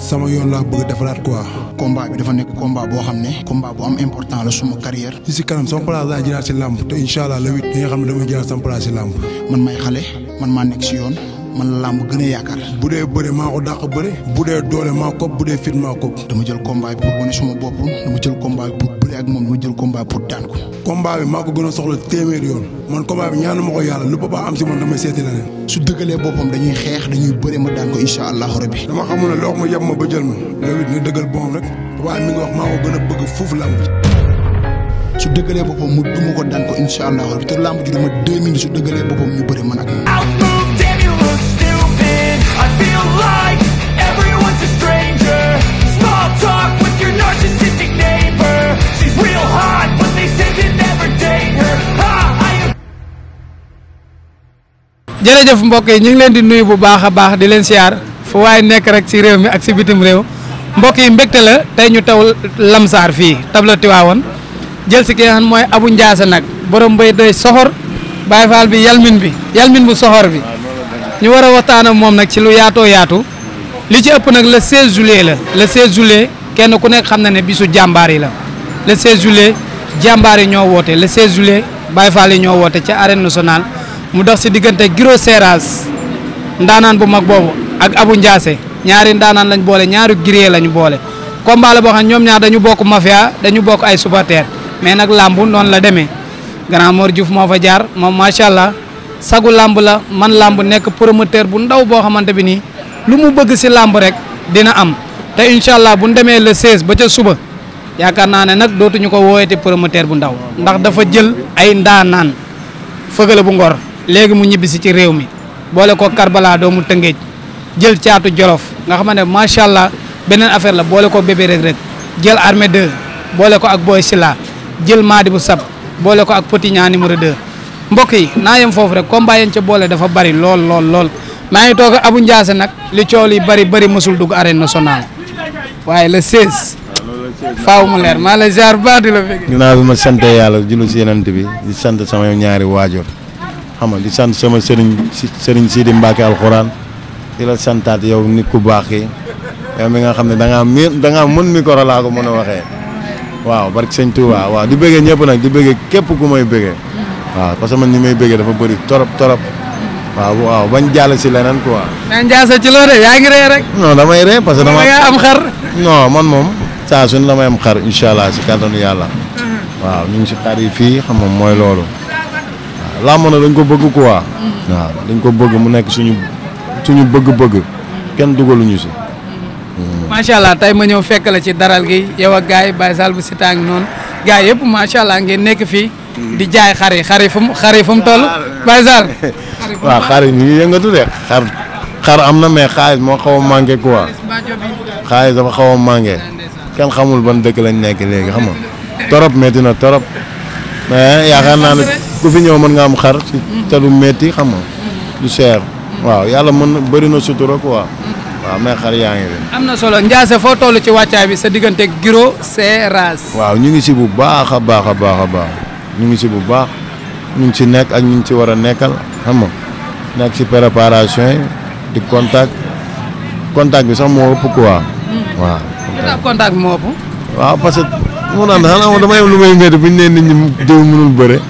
sama yoon laa bëgg defaraat quoi. combat bi dafa nekk combat boo xam ne. combat bu am important la suma carrière. si si kanam sama place laa jëlaat si làmb te incha allah le huit. nga xam ne damay jëlaat sama place si làmb. man may xale man maa nekk si yoon. man la làmb gën a yaakaar bu dee bëre maa ko dàq bëre bu dee doole maa ko bu dee fit maa ko dama jël combat bi pour wane suma bopp dama jël combat bi moom dama jël combat pour daan ko combat bi maa ko gën a soxla téeméer yoon man combat bi ñaanu ma ko yàlla lu papa am si man damay seeti la leen su dëggalee boppam dañuy xeex dañuy ma daan ko incha allahu rabbi dama xamul ne loo ma yem ma ba jël ma loolu dina dëggal boom rek papa mi ngi wax maa su dëggalee boppam mu duma ko daan ko incha allah te lamb ji dama deux minutes su dëggalee boppam ñu bëri man ak jërëjëf mbokk yi ñu ngi leen di nuyu bu baax a baax di leen siyaar fu waaye nekk rek si réew mi ak ci bitim réew mbokk yi mbégte la tey ñu taw lamsaar fii tabla tiwaawoon jël si ki mooy abu njaase nag borom mbay doy soxor baay faal bi yalmin bi yalmin bu soxor bi ñu war a waxtaan moom nag ci lu yaatoo yaatu li ci ëpp nag le 16 juillet la le 16 juillet kenn ku nekk xam na ne bisu jàmbaar yi la le 16 juillet jàmbaar yi ñoo woote le 16 juillet baay faal yi ñoo woote ca arène nationale mu dox si diggante Giro Seras ndaanaan bu mag boobu ak Abu Ndiasse ñaari ndaanaan lañ boole ñaari gré lañ boole combat la boo xam ñoom ñaar dañu bokk mafia dañu bokk ay supporters mais nag làmb noonu la demee grand Mor moo fa jaar moom macha allah sagu làmb la man làmb nekk promoteur bu ndaw boo xamante bi nii lu mu bëgg si làmb rek dina am te incha allah bu ñu demee le 16 ba ca suba yaakaar naa ne nag dootuñu ko wooyete promoteur bu ndaw ndax dafa jël ay ndaanaan fëgale bu ngor. léegi mu ñibbisi ci réew mi boole ko Karbala doomu Tëngéej jël caatu Jolof nga xam ne macha allah beneen affaire la boole ko bébé rek rek jël armée 2 boole ko ak Boy Sila jël maadi bu sab boole ko ak Petit Ñaa numéro 2. mbokk yi naa yem foofu rek combat yañ ca boole dafa bari lool lool lool maa ngi toog Abou Ndiassé nag li coow li bari bari mësul dugg arène nationale waaye la 16. faaw mu leer maa la ziar baax di la fekk. ginnaaw bi ma sant yàlla jullu si yenant bi di sant ñaari waajur. xam nga di sant sama sëriñ sëriñ Sidi Mbacke alxuraan di la santaat yow nit ku baax yi mi nga xam ne da ngaa mën da ngaa laa ko mën a waxe waaw barke sëñ Touba waaw di bëggee ñëpp nag di bëggee képp ku may bëggee waaw parce que man ni may bëggee dafa bëri torop torop waaw waaw bañ jàll si leneen quoi. naan jaasa ci loolu yaa ngi ree rek. non damay ree parce que dama am xar. man moom saa su ne damay am xar incha allah si kàttanu yàlla. Mm-hmm. waaw ñu ngi si xar yi fii xam nga mooy loolu. làmb na dañ ko bëgg quoi. Mm-hmm. waaw dañ ko bëgg mu nekk suñu suñu bëgg-bëgg. Mm-hmm. kenn dugaluñu si. Mm-hmm. macha allah tey ma ñëw fekk la ci daral gi yow ak gars yi Baye Sall bu sitaang noonu gars yëpp macha allah ngeen nekk fii. di jaay xar yi xar yi fu mu xar yi fu mu toll. Baye Sall. waaw ñu yëngatu de xar am na mais xaalis moo xaw a manqué quoi xaalis dafa xaw a mange kenn xamul ban dëkk lañ nekk léegi xam nga torop metti na torop mais eh, yaakaar naa ne. ku fi ñëw mën nga am xar ci te metti xam nga lu cher waaw yàlla mën na bëri na sutura quoi waaw mais xar yaa ngi fi. am na solo Ndiassé foo toll ci wàccaay bi sa diggante Giro Seras. waaw ñu ngi si bu baax a baax a baax a baax ñu ngi si bu baax ñu ngi si nekk ak ñu ngi si war a nekkal xam nga nekk si préparation yi di contact contact bi sax moo ëpp quoi. Hmm. waaw. waaw parce moo tax xanaa dama am lu may métti bi ñu ni nit ñi diw mënul bëre.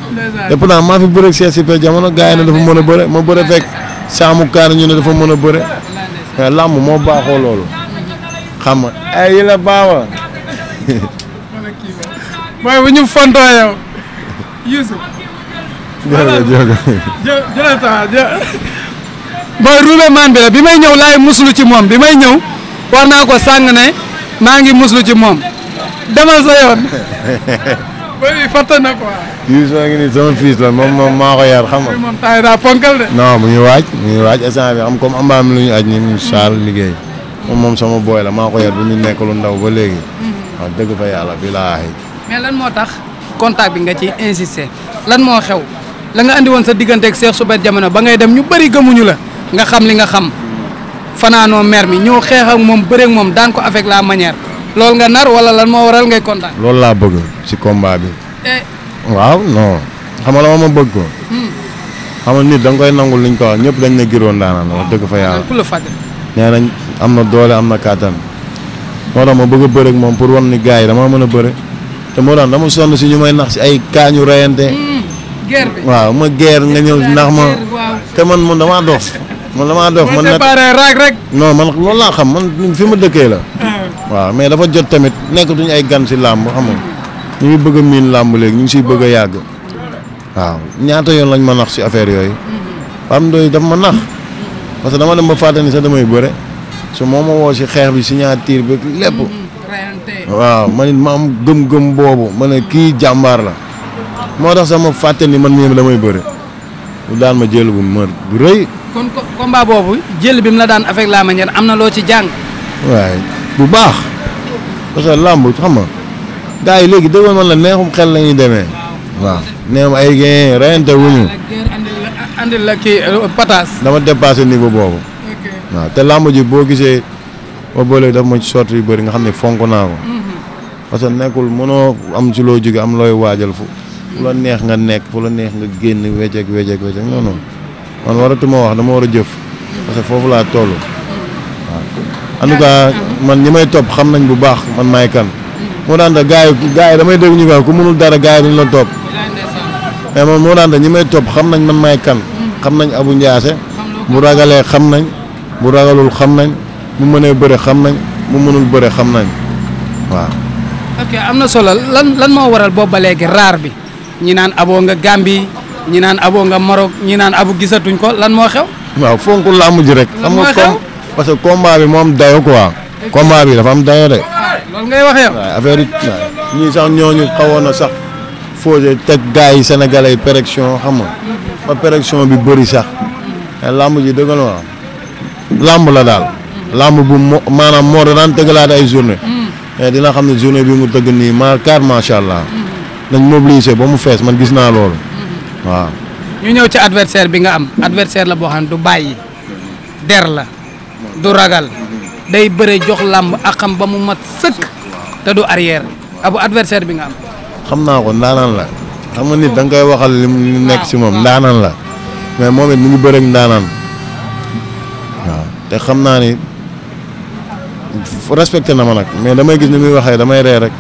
et pourtant maa fi bëre Cheikh Super jamono gars yi ne dafa mën a bëre ma bëre fekk saamu kaar ñu ne dafa mën a bëre mais làmb moo baaxoo loolu xam nga ay ñu fontoo yow Youssouf. jërëjëf bi la bi may ñëw laay muslu ci moom bi may ñëw war naa ko sàng ne maa ngi muslu ci moom. demal sa yoon. bëri fàtte na quoi. Youssou a ngi nii sama fils la moom moom maa ko yar xam nga. moom taay daa ponkal de. non mu ngi waaj mu ngi waaj am bi xam comme ambaam lu ñu aj ni mu saal liggéey. moom moom sama booy la maa ko yar bu ñu nekk lu ndaw ba léegi. Mhm. wax dëgg fa yàlla bilaahi. mais lan moo tax contact bi nga ci insisté lan moo xew la nga indi woon sa digganteeg Cheikh Super Diamono ba ngay dem ñu bëri gëmuñu la nga xam li nga xam fanaanoo mer mi ñëw xeex moom bëreeg moom daan avec la manière. loolu nga nar wala lan moo waral ngay kontaan. loolu laa bëgg ci kombaa bi. Eh. waaw non xam nga ma bëgg ko. Hmm. xam nga nit da koy nangu luñ ko wax ñëpp dañ ne giroon daanaan wax dëgg fa yàlla. Eh, nee nañ am na doole am na kàttan. moo tax ma bëgg a bëre moom pour wan ni gars yi damaa mën a bëre te moo tax dama sonn si ñu may nax si ay kaañu rayante. Hmm. waaw ma guerre nga ñëw nax ma te man man damaa dof man damaa def man nekk raag rek. non man loolu laa xam man fi ma dëkkee la. Ah. waaw mais dafa jot tamit nekk duñu ay gan si làmb xam ñu ngi bëgg a miin làmb léegi ñu ngi siy bëgg a yàgg. waaw ñaata yoon lañ ma nax si affaire yooyu. Pape Ndoye daf ma nax. parce que dama dem ba fàtte ni sax damay bëre. su moo ma woo si xeex bi signature bi lépp. Mm-hmm, waaw man it ma am gëm-gëm boobu ma ne kii jàmbaar la. moo tax sax ma fàtte ni man mii damay bëre. mu daan ma jël bu mër bu rëy. kon combat boobu jël bi mu la daan avec la am na loo ci jàng. waaye bu baax parce que xam nga gars yi léegi déggoon man la neexum xel lañuy demee. waaw neexum ay gain reyante wuñu. andil la euh, dama dépassé niveau boobu. waaw te làmb ji boo gisee ba boole daf ma ci sorti yu bëri nga xam ne fonk naa ko. Mhm. parce que nekkul mënoo am ci loo jóge am looy waajal fu. fu la mhm. neex nga nekk fu la neex nga génn wécceeg wécceeg wécceeg non non. man waratuma wax dama war a jëf parce que foofu laa toll waaw en tout man ñi may topp xam nañ bu baax man may kan moo daan da gars gaay damay dégg ñu ko ku mënul dara gaay yi dañu la topp mais moo daan da ñi may topp xam nañ man may kan xam nañ Abou njaase bu ragalee xam nañ bu ragalul xam nañ mu mënee bëre xam nañ mu mënul bëre xam nañ waaw am na solo lan lan moo waral boobu ba léegi raar bi ñi naan aboo nga Gambie ñi naan abo nga Maroc ñi naan abo gisatuñ ko lan moo xew. waaw fonk làmb ji rek. xam nga comme parce que combat bi moom dayo ko combat bi dafa am dayo de. loolu ngay wax yow. waaw ñii sax ñooñu xawoon na sax fausse teg gars yi sénégalais yi péréction ba péréction bi bëri sax mais làmb ji dëgg la làmb la daal. làmb bu mo maanaam moo daan tëggalaat ay journée. Mm. dina xam ne journée bi mu tëgg nii ma car macha allah. Mm. nañ mobiliser ba mu fees man gis naa loolu. waaw ñu ñëw ci adversaire bi nga am adversaire la boo xam ne du bàyyi der la du ragal day bëre jox làmb ak xam ba mu mat sëkk te du arrière abu adversaire bi nga am xam naa ko ndaanaan la xam nga nit da koy waxal li nekk ci moom ndaanaan la mais moom it mu ngi bëre ak ndaanaan waaw te xam naa ni respecté na ma nag mais damay gis ni muy waxee damay ree rek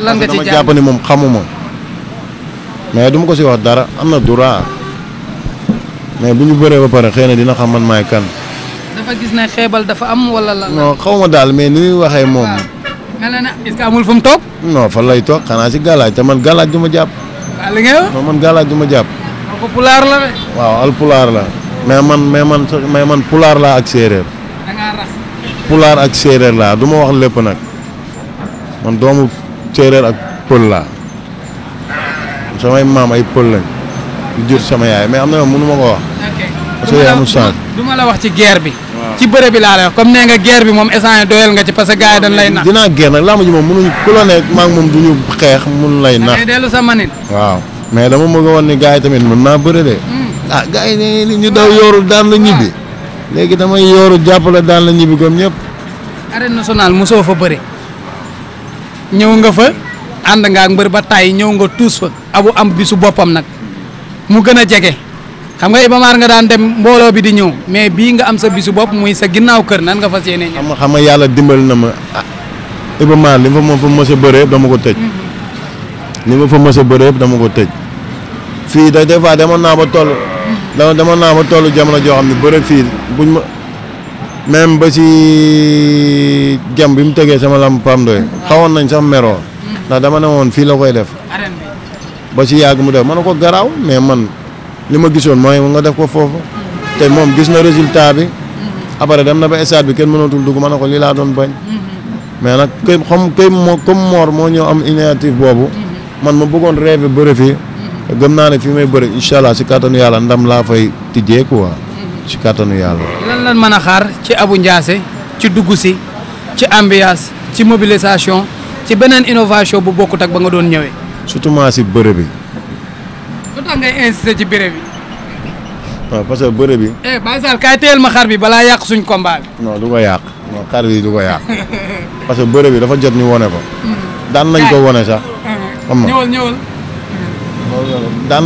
lan nga ci jàpp ni moom xamuma mais du ma ko si wax dara am na droit mais bu ñu bëree ba pare xëy na dina xam man maay kan. dafa gis ne xeebal dafa am wala xaw ma daal mais ni waxee moom. nga ne amul fu mu toog. fan lay toog xanaa si gàllaaj te man gàllaaj du ma jàpp. man gàllaaj du ma jàpp. waaw pulaar la de. waaw al pulaar la mais man mais man man pulaar laa ak séeréer. da pulaar ak séeréer laa du ma wax lépp nag man doomu séeréer ak pël laa. samay maam ay pël lañ yu jur sama yaay mais am na yoon mënu ma ko wax. parce que amul la wax ci guerre bi. ci bëre bi laa lay wax comme nee nga geer bi moom instant doyal nga ci parce que gars yi dañ lay nax. dinaa nag làmb moom mënuñ ku la nekk maa moom du ñu xeex mun lay nax. dellu sa manin. waaw mais dama bëgg woon ni gars yi tamit mën naa bëre de. Hmm. ah gars yi ne ñu daw hmm. yooru daan la ñibbi. Hmm. léegi damay yooru jàppale daan la ñibbi comme ñëpp. arène nationale mosoo fa bëre. ñëw nga fa. ànd nga ak mbër ba tàyyi ñëw nga tuus fa abu am bisu boppam nag mu gën a jege xam nga Iba Mar nga daan dem mbooloo bi di ñëw mais bii nga am sa bisu bopp muy sa ginnaaw kër nan nga fas yéene ñëw. xam nga xam yàlla dimbali na ma ah, Iba li ma fa moom fa mos a dama ko tëj. li ma fa mos a bëree mm-hmm. ko tëj. fii da des fois demoon naa ba toll. demoon naa ba toll jamono joo xam ne bëre fii buñ ma. ba si jam bi mu tegee sama lamb pam doy xawoon nañ sax meroo ndax dama ne woon fii la koy def. ba ci yàgg mu def man na ko garaaw mais man li ma gisoon mooy nga def ko foofu. te moom gis na résultat bi. Mhm. après dem na ba stade bi kenn mënatul dugg man na ko lii laa doon bañ. Mhm. mais nag këy xam këy moo comme Mor moo ñëw am initiative boobu. Mhm. man ma bëggoon rêve bëri fii. gëm naa ne fi may bëri incha allah si kattanu ndam laa fay tijjee quoi. si kattanu mën a xaar ci Abou Ndiassé ci dugg si ci ambiance ci mobilisation. ci beneen innovation bu bokkut ak ba nga doon ñëwee. surtout maa si bëre bi. lu tax ngay ci bëre bi. que bëre bi. eh xar bi balaa yàq suñ combat bi. non yàq non xar bi du ko yàq parce que bëre bi dafa jot ñu wone ko. Hmm. Hmm. daan nañ ko wone sax. xam nga ñëwal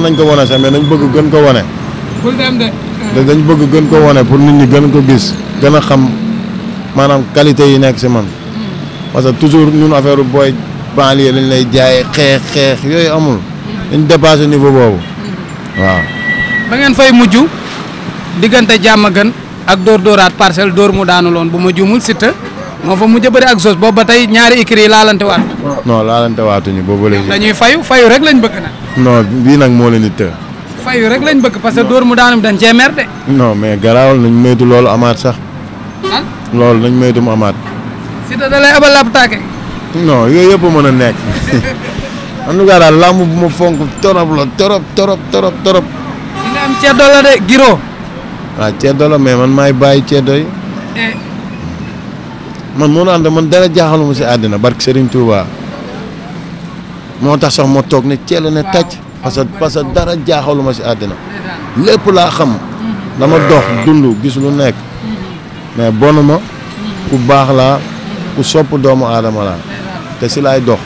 nañ ko wone sax mais nañ bëgg gën ko wone. bul dañ bëgg gën ko wone pour nit ñi gën ko bis gën a xam maanaam qualité yi nekk si man. parce que toujours ñun affaire booy banlieue lañ lay jaayee xeex xeex yooyu amul dañ dépassé niveau boobu waaw. ba ngeen fay mujj diggante ma gën ak dóor dóoraat parcelle dóor mu daanu loon bu ma juumul Siteu moo fa mujj a bëri ak sos boobu ba tey ñaari écuries yi laalante waat. non laalante waatuñu boobu la dañuy fayu fayu rek lañ bëgg nag. non bii nag moo leen di të. fayu rek lañ bëgg parce que dóor mu daanum dañ cee mer de. non mais garaawal nañ moytu loolu amaat sax. loolu nañ moytu mu amaat. Siteu da lay abal ab taake. non yooyu yëpp mën a nekk en tout cas daal làmb bu ma fonk torop la torop torop torop torop. dina am ceddo la de giro. waaw ah, ceddo la mais man maay bàyyi ceddo yi. Eh. man moo ànd man dara jaaxaluma si àddina barke Serigne Touba moo tax sax ma toog ne ceele ne tàcc. parce que parce que dara jaaxaluma si àddina. lépp laa xam. Mm-hmm. dama dox dund gis lu nekk. Mm-hmm. mais bon ma ku baax laa. ku sopp doomu aadama laa te si laay dox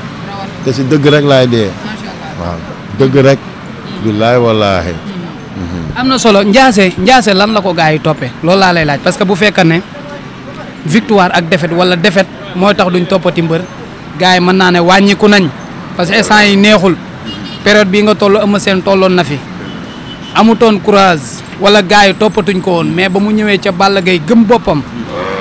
te si dëgg rek laay dee waaw dëgg rek laay wallaahi mm-hmm. am na solo Ndiassé Ndiassé lan la ko gars yi toppee loolu laa lay laaj parce que bu fekkee ne victoire ak defet wala defet mooy tax duñ toppati mbër gars yi mën naa ne wàññiku nañ parce que instant yi neexul période bii nga toll Eumeu seen tolloon na fi amutoon courage wala gars yi toppatuñ ko woon mais ba mu ñëwee ca Balla gay gëm boppam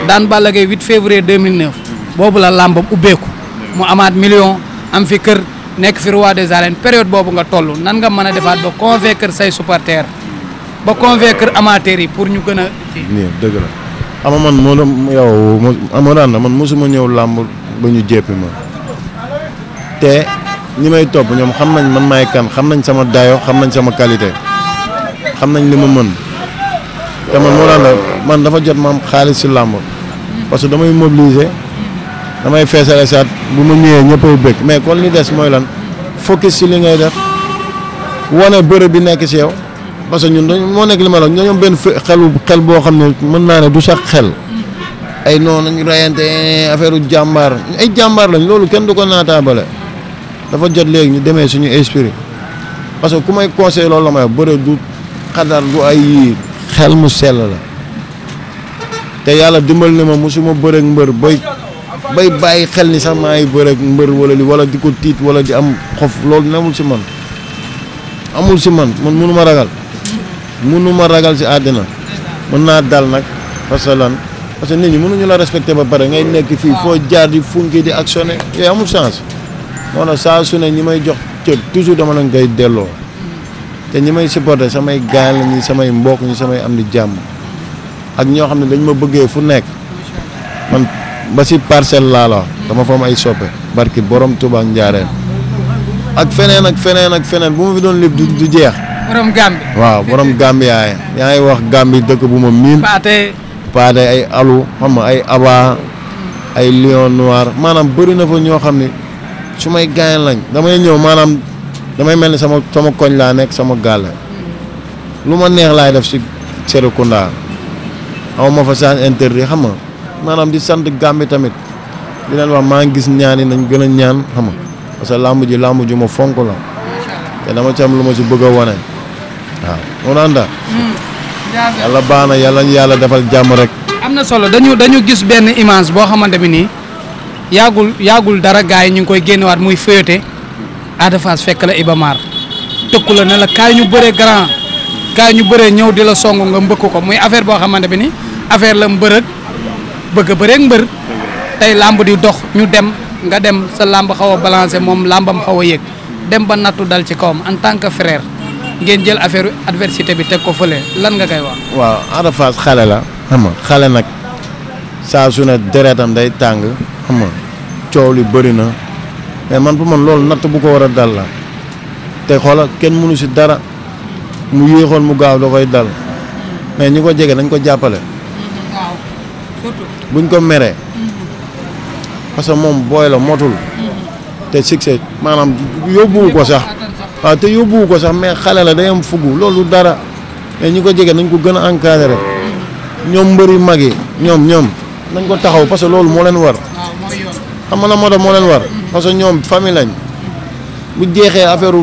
daan Balla Gaye 8 février 2009. boobu la làmbam ubbeeku mu amaat million am fi kër nekk fi roi de arènes période boobu nga toll nan nga mën a defaat ba convaincre say supporters ba convaincre amateurs yi pour ñu gën a. dëgg la ama man moo doon yow amoon na man mosuma ñëw làmb ba ñu jéppi ma te ñi may topp ñoom xam nañ man maay kan xam nañ sama dayo xam nañ sama qualité xam nañ li ma mën te man moo daan man dafa jot ma am xaalis si làmb parce damay mobiliser damay feesale saat bu ma ñëwee ñëppay bëgg mais kon li des mooy lan focus si li ngay def wane bërëb bi nekk si yow parce que ñun dañu moo nekk li ma la ñoom benn xelu xel boo xam ne mën naa ne du sax xel ay noonu ñu rayante affaire jàmbaar ay jàmbaar lañ loolu kenn du ko naataabale dafa jot léegi ñu demee suñu esprit parce que ku may conseil loolu la may bëre du xadar du ay xel mu sell la te yàlla dimbal na ma musuma bëre ak mbër bay bàyyi xel ni sax maa ngi bëre mbër wala li wala di ko tiit wala di am xof loolu namul si man amul si man man munu ma ragal munu ragal si àddina mën naa dal nag parce que lan parce que nit ñi mënuñu la respecté ba pare ngay nekk fii foo jaar di funki di actionné yooyu amul chance moo tax saa su ne ñi may jox cër toujours dama leen koy delloo te ñi may supporté samay gaañ la ñi samay mbokk ñi samay am di jàmm ak ñoo xam ne dañ ma bëggee fu nekk man ba si parcelle laa dama fa am ay soppe barki borom Touba ak ak feneen ak feneen ak feneen bu ma fi doon lépp du jeex. borom Gambi. waaw borom Gambi yaay yaa ngi wax Gambi dëkk bu ma miin. Paate. Paate ay alu xam nga ay aba ay lion noir maanaam bëri na fa ñoo xam ne su may gaañ lañ damay ñëw maanaam damay mel ni sama sama koñ laa nekk sama gàll. lu ma neex laay def si Serekunda aw ma fa sans interdit xam nga. maanaam di sant Gàmbi tamit di leen wax maa ngi gis ñaan yi nañ gën a ñaan xam nga parce que làmb ji làmb ju ma fonk la te dama ci lu ma si bëgg a wane waaw on anda hmm. yàlla baax na yàlla defal jàmm rek. am na solo dañu dañu gis benn image boo xamante bi nii yàggul yàggul dara gars yi ñu ngi koy génnewaat muy féete Ada fekk la Ibamar tëkku la ne la kaay ñu bëree grand kaay ñu bëree ñëw di la song nga mbëkk ko muy affaire boo xamante bi ni affaire la mbërëg bëgg a bëreeg mbër tey làmb di dox ñu dem nga dem sa làmb xaw a balancé moom làmbam xaw a yëg dem ba nattu dal ci kawam en tant que frère ngeen jël affaire adversité bi teg ko fële lan nga koy wax. waaw Ada Fass xale la xam xale nag saa su ne deretam day tàng xam nga coow li bëri na mais man pour man loolu natt bu ko war a dal la te xoola kenn mënu si dara mu yéexoon mu gaaw da koy dal mais ñu ko jege dañ ko jàppale. buñ ko meree. Mm-hmm. parce que moom booy la motul. Mm-hmm. te succès maanaam yóbbuwu ko sax. waaw te yóbbuwu ko sax mais xale la day am fugu loolu dara mais ñi ko jege nañ ko gën a encadré mm-hmm. ñoom mbër yu mag yi ñoom ñoom nañ ko taxaw parce que loolu moo leen war. xam nga la moo moo leen war. parce que ñoom famille lañ. bu jeexee affaire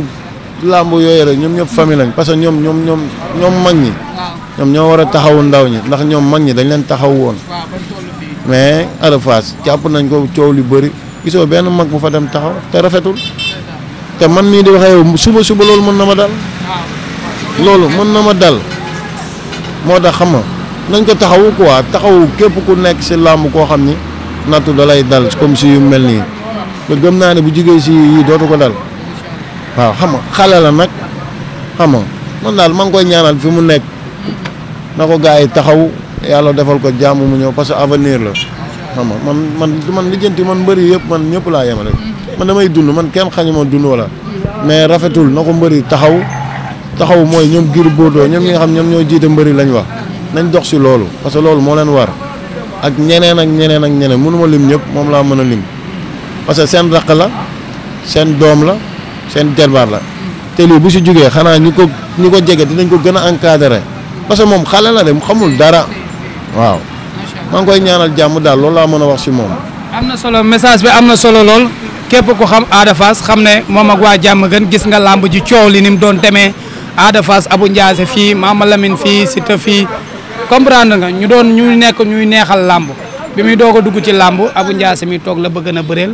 làmb yooyu rek ñoom ñëpp famille lañ parce que ñoom ñoom ñoom ñoom mag ñi. ñoom ñoo war a taxawu ndaw ñi ndax ñoom mag ñi dañ leen taxaw woon. mais Ada Fass nañ ko coow lu bari gisoo benn mag bu fa dem taxaw te rafetul te man mii di wax yow suba suba loolu mën na ma dal loolu mën na ma dal moo tax xam nga nañ ko taxawu quoi taxawu képp ku nekk si làmb koo xam ni nattu da lay dal comme si yu mel nii gëm naa ne bu jigéen si yii dootu ko dal waaw xam nga xale la nag xam nga man daal maa ngi koy ñaanal fi mu nekk na ko gars yi taxaw yàlla defal ko jàmm mu ñëw parce que avenir la xam nga man man man lijjanti man mbëri yëpp man ñëpp laa yemale mm-hmm. man damay dund man kenn xañu ma dund wala mais rafetul na ko mbëri taxaw taxaw mooy ñoom Gris Bordeaux ñoom ñi nga xam ñoom ñoo jiite mbëri lañ wax nañ dox si loolu parce que loolu moo leen war ak ñeneen ak ñeneen ak ñeneen mënu ma lim ñëpp moom laa mën a lim parce que seen raq la seen doom la seen derbaar la te lii bu si jógee xanaa ñu ko ñu ko jege dinañ ko gën a encadré parce que moom xale la de xamul dara waaw maa ngi koy ñaanal jàmm daal loolu laa mën a wax si moom am na solo message bi am na solo lool képp ku xam Ada Fass xam ne moom ak waa jàmm gën gis nga làmb ji coow li ni mu doon demee Ada Fass Abou Ndiassé fii Mama Lamine fii Siteu fii comprendre nga ñu doon ñu nekk ñuy neexal làmb bi muy doo a dugg ci làmb Abou Ndiassé mi toog la bëgg na bëreel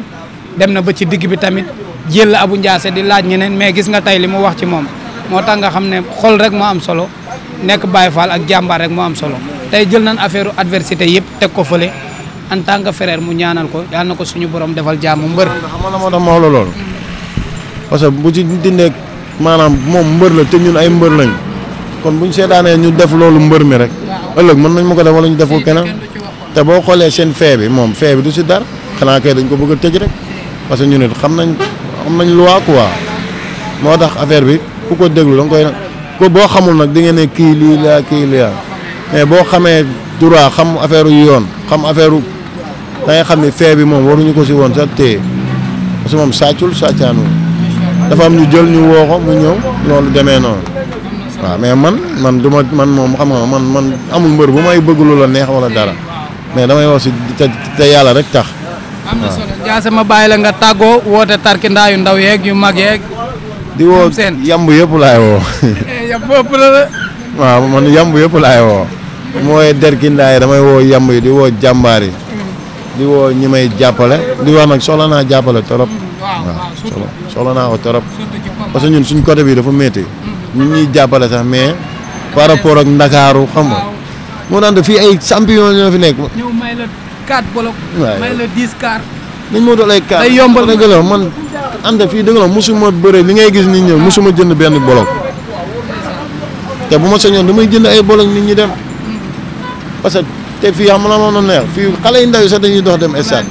dem na ba ci digg bi tamit jël la Abou Ndiassé di laaj ñeneen mais gis nga tey li mu wax ci moom moo tax nga xam ne xol rek moo am solo nekk Baye Fall ak jàmbaar rek am solo tey jël nañ affaire adversité yëpp teg ko fële en tant que frère mu ñaanal ko yal ko suñu borom defal jàmm mbër. xam nga moo tax ma parce que bu ci dindee maanaam moom mbër la te ñun ay mbër lañ kon bu ñu seetaanee ñu def loolu mbër mi rek ëllëg mën nañ ma ko def wala ñu def ko keneen te boo xoolee seen fee bi moom fee bi du si dara xanaa kay dañ ko bëgg a tëj rek parce que ñun it xam nañ xam nañ lu waa moo tax affaire bi ku ko déglu da nga ko boo xamul nag di ngeen kii lii laa kii lii laa mais boo xamee droit xam affaire yu yoon xam affaire da ngay xam ni fee bi moom waruñu ko si woon sax téye parce que moom sàccul sàccaanu dafa am ñu jël ñu woo ko mu ñëw loolu demee noonu waaw mais man man du ma man moom xam nga man man amul mbër bu may bëgg lu la dara mais damay wax si te yàlla rek tax. am jaase ma bàyyi la nga tàggoo woote tarkindaa yu ndaw yeeg yu mag yeeg. di woo yamb yëpp laay woo. yamb yëpp la. waaw man yamb yëpp laay woo. mooy dergindaa yi damay woo yamb yi di woo jàmbaar yi mm. di woo ñi may jàppale di wax nag soxla naa jàppale torop mm, waa soxla soxla naa ko torop parce que ñun suñ côté bi dafa métti mm. ñu ñuy jàppale sax mais par rapport ak ndakaaru xam nga moo daan fii ay champion ñoo fi nekk. ñëw may la 4 bloc. may doon ay yombal dëgg la man anda fii dëgg la mosuma bëre li ngay gis nit ñëw mosuma jënd benn bloc te bu ma soñoon damay jënd ay bloc nit ñi dem. parce que te fii xam la noonu neex fii xale yu ndaw sax dañuy dox dem stade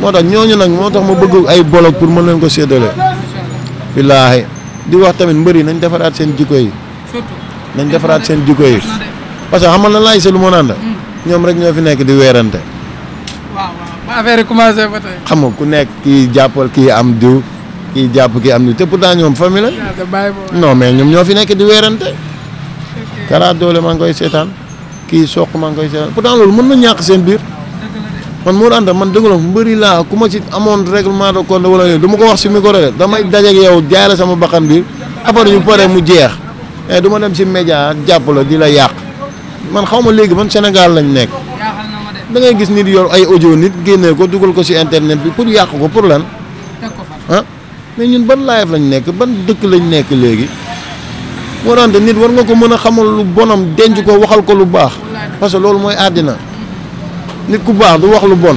moo tax ñooñu nag moo tax ma bëgg ay bolog pour mën leen ko séddale. billaahi di wax tamit mbër yi nañ defaraat seen jikko yi. nañ defaraat seen jikko yi parce que xamal na laay sa lu ma naan la hmm. ñoom rek ñoo fi nekk di weerante. waaw waaw xam nga ku nekk kii jàppal kii am diw kii jàpp kii am diw te pourtant ñoom famille la. non ñoom ñoo fi nekk di weerante. karaat doole maa ngi koy seetaan. kii soq maa ngi koy seetaan pourtant loolu mën na ñàkk seen biir man moo ànda man dëgg la mbëri laa ku ma ci amoon règlement de compte wala yooyu du ko wax si micro damay dajeeg yow jaay la sama bakkan bi après ñu pare mu jeex mais eh, du ma dem si média jàpp la di la yàq man xaw ma léegi man Sénégal lañ nekk dangay gis nit yor ay ojo nit génnee ko dugal ko si internet bi pour yàq ko pour lan ah mais ñun ban live lañu nekk ban dëkk lañu nekk léegi. moo daan nit war nga ko mën a xamal lu bonam denc ko waxal ko lu baax parce que loolu mooy àddina nit ku baax du wax lu bon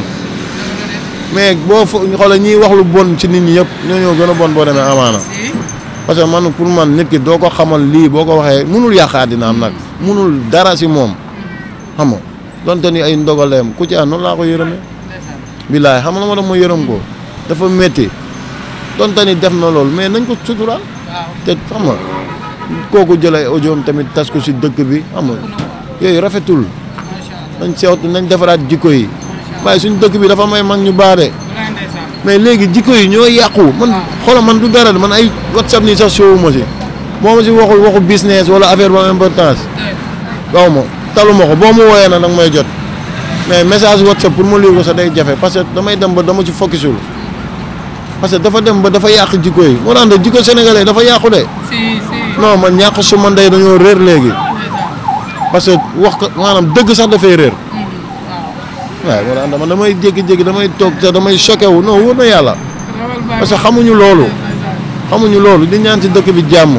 mais boo fa xoolee ñiy wax lu bon ci nit ñi yëpp ñoo ñoo gën a bon boo demee amaana parce que man pour man nit ki doo ko xamal lii boo ko waxee munul yàq àddina am nag munul dara si moom xam nga donte ni ay ndogaleem ku ci ah noonu laa ko yërëmee. billaay xam nga ma dama ma yërëm ko dafa métti donte ni def na loolu mais nañ ko suturaal te kooku jël ay audio tamit tas ko si dëkk bi xam nga yooyu rafetul nañ seewtu nañ defaraat jikko yi waaye suñ dëkk bi dafa may mag ñu baare mais léegi jikko yi ñoo yàqu man xoolal man du dara man ay whatsapp nii sax soowu ma si moo ma si waxul waxu business wala affaire bu am importance gaw ma talu ko boo mu wooyee nag danga may jot mais message whatsapp pour ma lire ko sax day jafe parce que damay dem ba dama ci focusul parce que dafa dem ba dafa yàq jikko yi moo daan de jikko sénégalais dafa yàqu de. si si non man ñàkk su ma ndey dañoo réer léegi. Ah, parce que wax ko maanaam dëgg sax dafay réer. Mm-hmm. waaw moo daan man damay jékki-jékki damay toog te damay choqué wu non wóor na yàlla. parce que xamuñu loolu. xamuñu loolu di ñaan ci dëkk bi jàmm.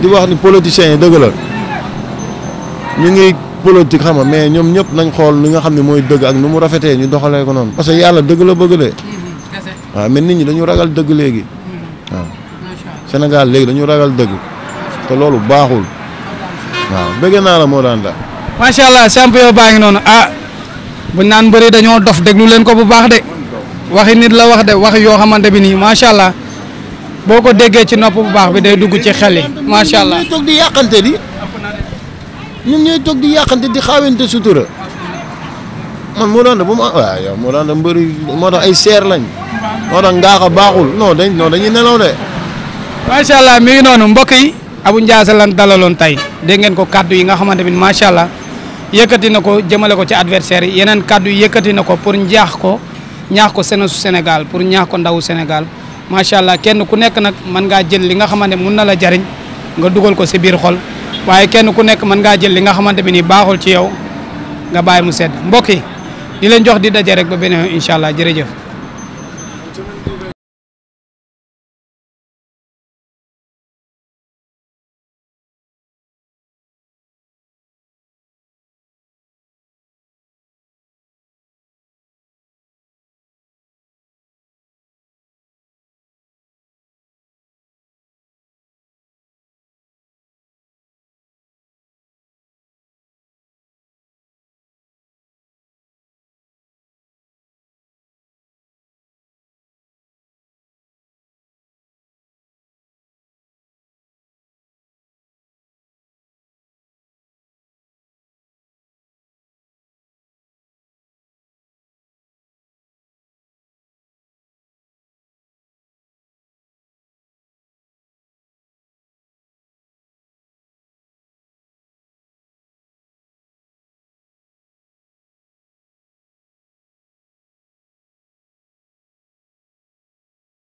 di wax ni politiciens yi dëgg la mm-hmm. ñu ngi politique xam nga mais ñoom ñëpp nañ xool li nga xam ne mooy dëgg ak nu mu rafetee ñu doxalee ko noonu parce que yàlla dëgg la bëgg waaw mais nit ñi dañu ragal dëgg léegi hmm. waaw léegi dañu ragal dëgg te loolu baaxul waaw bëgg naa la moo daan daal. macha allah champion baa ngi noonu ah buñ naan mbëri dañoo dof déglu leen ko bu baax de waxi nit la wax de wax yoo xamante bi nii macha allah boo ko déggee ci nopp bu baax bi day dugg ci xel yi macha allah. toog di yàqante di ñun toog di yàqante di xaawente sutura moo daan da bu ma waaw yow moo daan da mbëri moo tax ay seer lañ. moo tax ngaaxa baaxul non dañ non dañuy nelaw de. macha allah mi ngi noonu mbokk yi Abou Ndiassé lan dalaloon tey dégg ko kaddu yi nga xamante ni macha allah yëkkati na ko jëmale ko ci adversaire yi yeneen kaddu yi na ko pour njaax ko ñaax ko senesu Sénégal pour ñaax ko ndawu Sénégal macha allah kenn ku nekk nag mën ngaa jël li nga xamante mun na la jariñ nga dugal ko si biir xol waaye kenn ku nekk mën ngaa jël li nga xamante bi ni baaxul ci yow nga bàyyi mu sedd mbokk yi di leen jox di daje rek ba beneen incha allah jërëjëf.